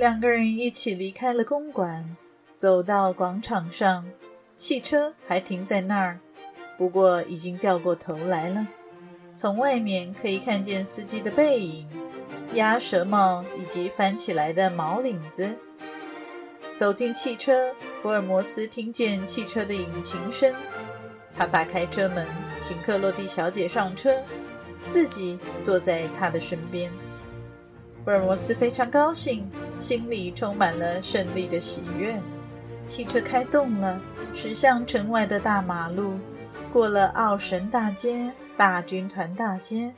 兩個人一起離開了公館，走到廣場上，汽車還停在那兒，不過已經掉過頭來了。從外面可以看見司機的背影、鴨舌帽以及翻起來的毛領子。走進汽車，福爾摩斯聽見汽車的引擎聲，他打開車門，請克洛蒂小姐上車，自己坐在他的身邊。福爾摩斯非常高興。心裡充滿了勝利的喜悅，汽車開動了，駛向城外的大馬路。過了奧神大街、大軍團大街，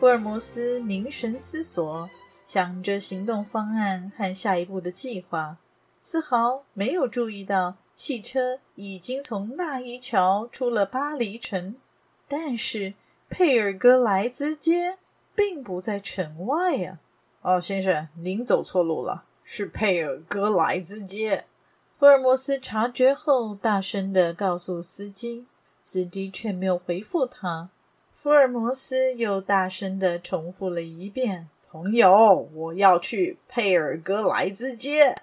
福爾摩斯凝神思索，想着行動方案和下一步的計劃，絲毫沒有注意到汽車已經從納伊橋出了巴黎城。但是佩爾格萊茲街並不在城外啊！哦，先生，您走錯路了，是佩爾格萊茲街。福爾摩斯察覺後，大聲的告訴司機，司機卻沒有回復他。福爾摩斯又大聲的重複了一遍：“朋友，我要去佩爾格萊茲街。”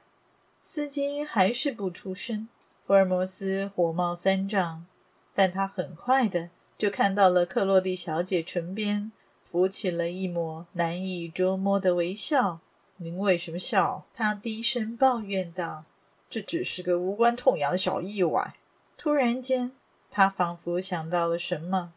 司機還是不出聲。福爾摩斯火冒三丈，但他很快的就看到了克洛蒂小姐唇邊。浮起了一抹難以捉摸的微笑。“您為什麼笑？”他低聲抱怨道，“這只是個無關痛癢的小意外。”突然間，他仿佛想到了什麼，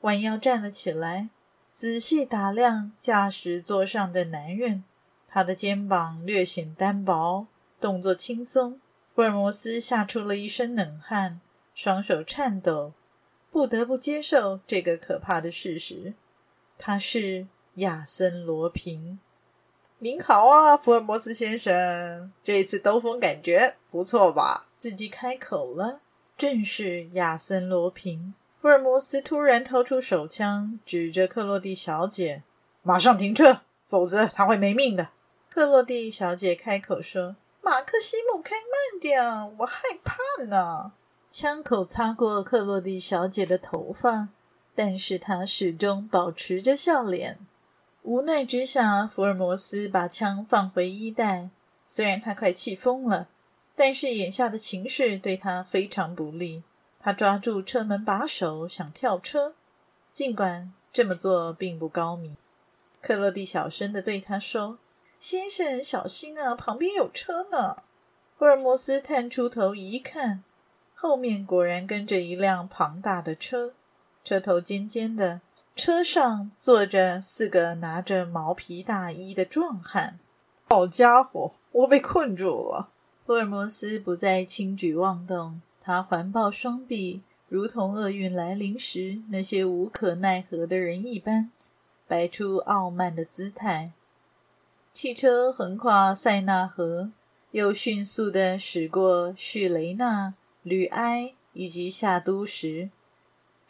彎腰站了起來，仔細打量駕駛座上的男人。他的肩膀略顯單薄，動作輕鬆。福爾摩斯嚇出了一身冷汗，雙手顫抖，不得不接受這個可怕的事實。他是亞森·羅平。您好啊，福爾摩斯先生，這一次兜風感覺不錯吧？自己開口了，正是亞森·羅平。福爾摩斯突然掏出手槍，指着克洛蒂小姐：“馬上停車，否則他會沒命的。”克洛蒂小姐開口說：“馬克西姆，開慢點，我害怕呢。”槍口擦過克洛蒂小姐的頭髮。但是他始終保持着笑臉。無奈之下，福爾摩斯把槍放回衣袋。雖然他快氣瘋了，但是眼下的情勢對他非常不利。他抓住車門把手，想跳車。儘管這麼做並不高明，克洛蒂小聲地對他說：“先生，小心啊，旁邊有車呢。”福爾摩斯探出頭一看，後面果然跟着一輛龐大的車。車頭尖尖的，車上坐着四個拿着毛皮大衣的壯漢。好家伙，我被困住了！福爾摩斯不再輕舉妄動，他環抱雙臂，如同厄運來臨時那些無可奈何的人一般，擺出傲慢的姿態。汽車橫跨塞納河，又迅速的駛過敘雷納、呂埃以及夏都時。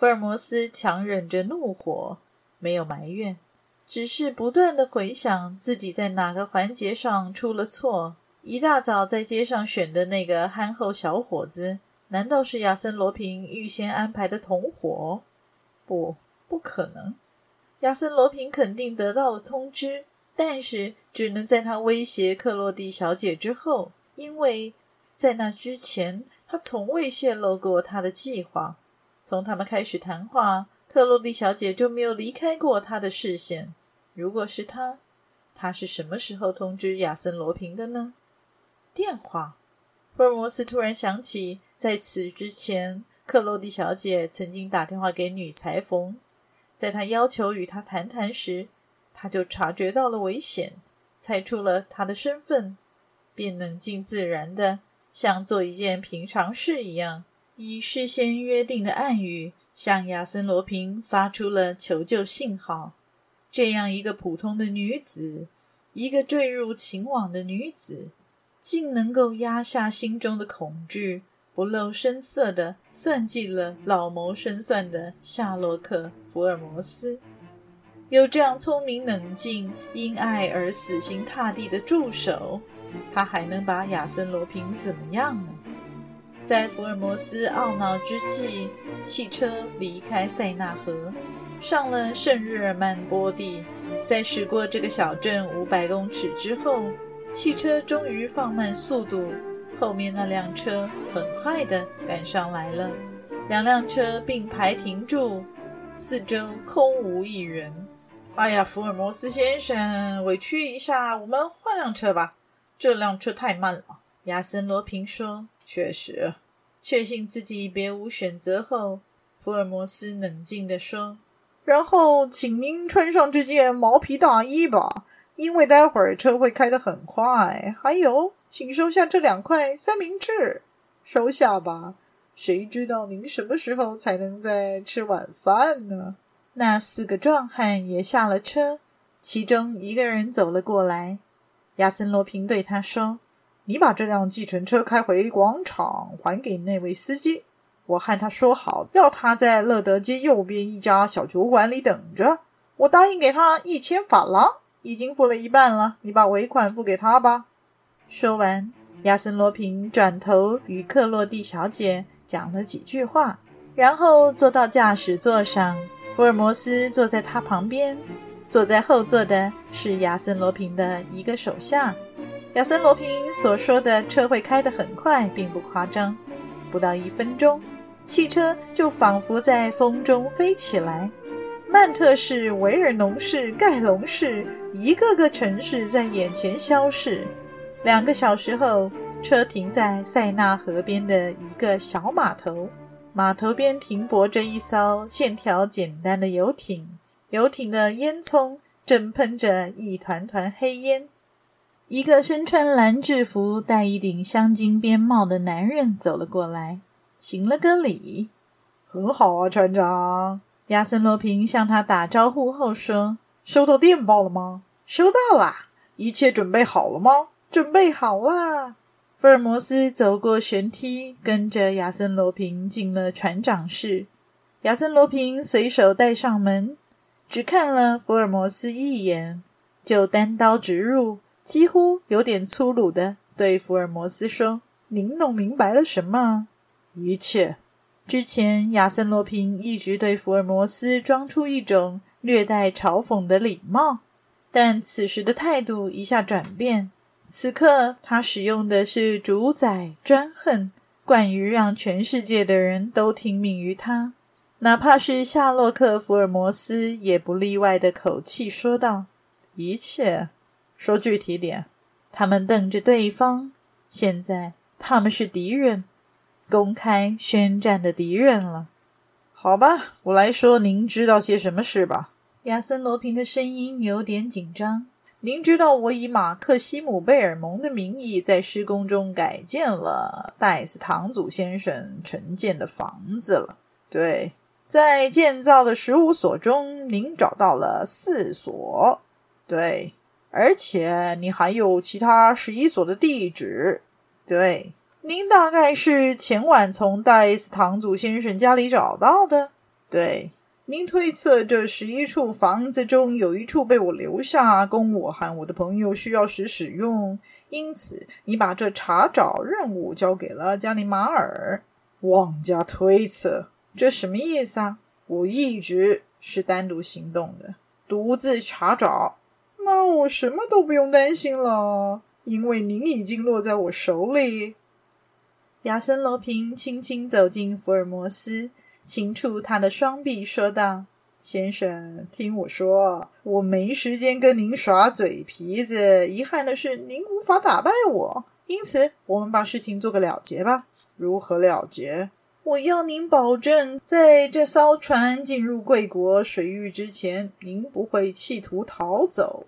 福爾摩斯強忍着怒火，沒有埋怨，只是不斷地回想自己在哪個環節上出了錯。一大早在街上選的那個憨厚小伙子，難道是亞森·羅平預先安排的同夥？不，不可能。亞森·羅平肯定得到了通知，但是只能在他威脅克洛蒂小姐之後，因為在那之前，他從未泄露過他的計劃。從他們開始談話，克洛蒂小姐就沒有離開過他的視線。如果是他，他是什麼時候通知亞森羅平的呢？電話。福爾摩斯突然想起，在此之前，克洛蒂小姐曾經打電話給女裁縫，在她要求與他談談時，他就察覺到了危險，猜出了他的身份，便冷靜自然的，像做一件平常事一樣。以事先約定的暗語向亞森·羅平發出了求救信號。這樣一個普通的女子，一個墜入情網的女子，竟能夠壓下心中的恐懼，不露聲色的算計了老謀深算的夏洛克·福爾摩斯。有這樣聰明冷靜、因愛而死心塌地的助手，他還能把亞森·羅平怎麼樣呢？在福爾摩斯懊惱之際，汽車離開塞納河，上了聖日耳曼波地，在駛過這個小鎮五百公尺之後，汽車終於放慢速度。後面那輛車很快地趕上來了，兩輛車並排停住，四周空無一人。哎呀，福爾摩斯先生，委屈一下，我們換輛車吧，這輛車太慢了。亞森·羅平說。確實，確信自己別無選擇後，福爾摩斯冷靜地說：“然後，請您穿上這件毛皮大衣吧，因為待會兒車會開得很快。還有，請收下這兩塊三明治，收下吧。誰知道您什麼時候才能再吃晚飯呢？”那四個壯漢也下了車，其中一個人走了過來，亞森·羅平對他說。你把這輛計程車開回廣場，還給那位司機。我和他說好，要他在樂德街右邊一家小酒館裡等着。我答應給他一千法郎，已經付了一半了，你把尾款付給他吧。說完，亞森·羅平轉頭與克洛蒂小姐講了幾句話，然後坐到駕駛座上。福爾摩斯坐在他旁邊，坐在後座的是亞森·羅平的一個手下。亞森·羅平所說的車會開得很快，並不誇張。不到一分鐘，汽車就仿佛在風中飛起來。曼特市、維爾農市、蓋隆市，一個個城市在眼前消逝。兩個小時後，車停在塞納河邊的一個小碼頭。碼頭邊停泊着一艘線條簡單的遊艇，遊艇的煙囪正噴着一團團黑烟。一個身穿藍制服、戴一頂鑲金邊帽的男人走了過來，行了個禮。很好啊，船長！亞森·羅平向他打招呼後說：“收到電報了嗎？收到啦！一切準備好了嗎？準備好啦！”福爾摩斯走過舷梯，跟着亞森·羅平進了船長室。亞森·羅平隨手帶上門，只看了福爾摩斯一眼，就單刀直入。幾乎有點粗魯的對福爾摩斯說：“您弄明白了什麼？一切。”之前，亞森·羅平一直對福爾摩斯裝出一種略帶嘲諷的禮貌，但此時的態度一下轉變。此刻，他使用的是主宰、專橫、慣於讓全世界的人都聽命於他，哪怕是夏洛克·福爾摩斯也不例外的口氣說道：“一切。”說具體點，他們瞪着對方。現在他們是敵人，公開宣戰的敵人了。好吧，我來說，您知道些什麼事吧？亞森·羅平的聲音有點緊張。您知道，我以馬克西姆·貝爾蒙的名義在施工中改建了戴斯唐祖先生承建的房子了。對，在建造的十五所中，您找到了四所。對。而且你還有其他十一所的地址。對，您大概是前晚從戴斯唐祖先生家裡找到的。對，您推測這十一處房子中有一處被我留下，供我和我的朋友需要時使用，因此你把這查找任務交給了加尼馬爾。妄加推測，這什麼意思啊？我一直是單獨行動的，獨自查找。啊，我什麼都不用擔心了，因為您已經落在我手裡。亞森·羅平輕輕走進福爾摩斯，輕觸他的雙臂，說道：“先生，聽我說，我沒時間跟您耍嘴皮子。遺憾的是，您無法打敗我，因此我們把事情做個了結吧。如何了結？我要您保證，在這艘船進入貴國水域之前，您不會企圖逃走。”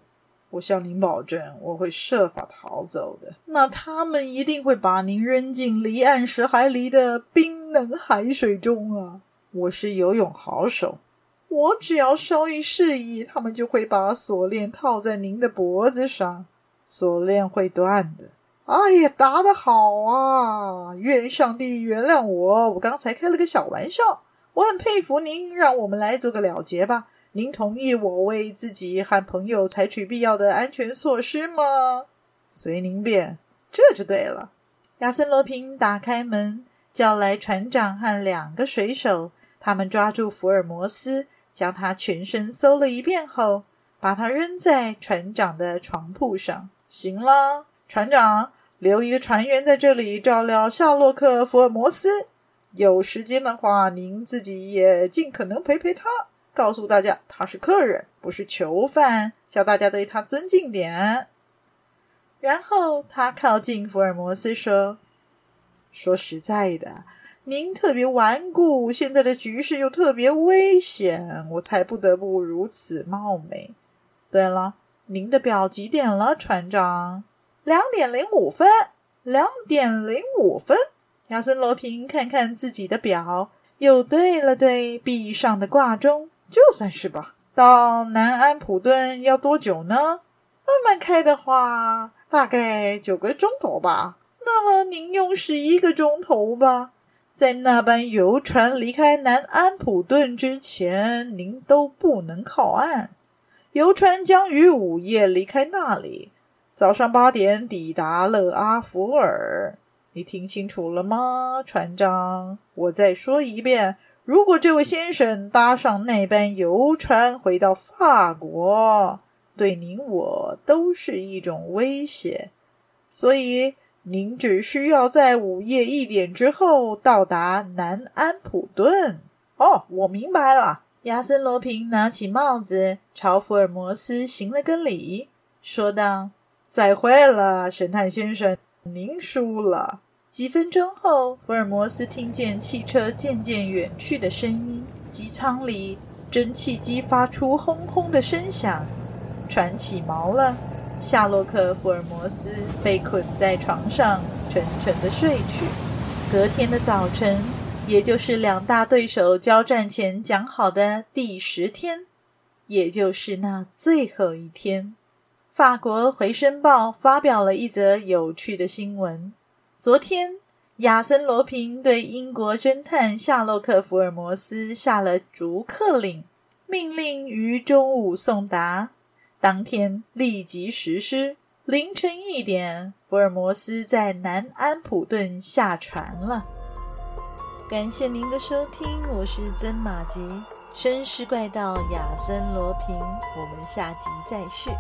我向您保證，我會設法逃走的。那他們一定會把您扔進離岸十海里的冰冷海水中啊！我是游泳好手，我只要稍一示意，他們就會把鎖鏈套在您的脖子上。鎖鏈會斷的。哎呀，答得好啊！願上帝原諒我，我剛才開了個小玩笑。我很佩服您，讓我們來做個了結吧。您同意我為自己和朋友採取必要的安全措施嗎？隨您便，這就對了。亞森·羅平打開門，叫來船長和兩個水手，他們抓住福爾摩斯，將他全身搜了一遍後，把他扔在船長的床鋪上。行了，船長，留一個船員在這裡照料夏洛克·福爾摩斯。有時間的話，您自己也盡可能陪陪他。告訴大家，他是客人，不是囚犯，叫大家對他尊敬點。然後他靠近福爾摩斯說：“說實在的，您特別頑固，現在的局勢又特別危險，我才不得不如此冒昧。對了，您的表幾點了，船長？兩點零五分，兩點零五分。”亞森·羅平看看自己的表，又對了對壁上的掛鐘。就算是吧。到南安普頓要多久呢？慢慢開的話，大概九個鐘頭吧。那麼您用十一個鐘頭吧。在那班遊船離開南安普頓之前，您都不能靠岸。遊船將於午夜離開那裡，早上八點抵達勒阿弗爾。你聽清楚了嗎，船長？我再說一遍。如果這位先生搭上那班遊船回到法國，對您我都是一種威脅，所以您只需要在午夜一點之後到達南安普頓。哦，我明白了。亞森·羅平拿起帽子，朝福爾摩斯行了個禮，說道：“再會了，神探先生，您輸了。”幾分鐘後，福爾摩斯聽見汽車漸漸遠去的聲音。機艙裡，蒸汽機發出轟轟的聲響，船起錨了。夏洛克·福爾摩斯被捆在床上，沉沉的睡去。隔天的早晨，也就是兩大對手交戰前講好的第十天，也就是那最後一天，《法國回聲報》發表了一則有趣的新聞。昨天，亞森·羅平對英國偵探夏洛克·福爾摩斯下了逐客令，命令於中午送達，當天立即實施。凌晨一點，福爾摩斯在南安普頓下船了。感謝您的收聽，我是曾馬吉，紳士怪盜亞森·羅平，我們下集再續。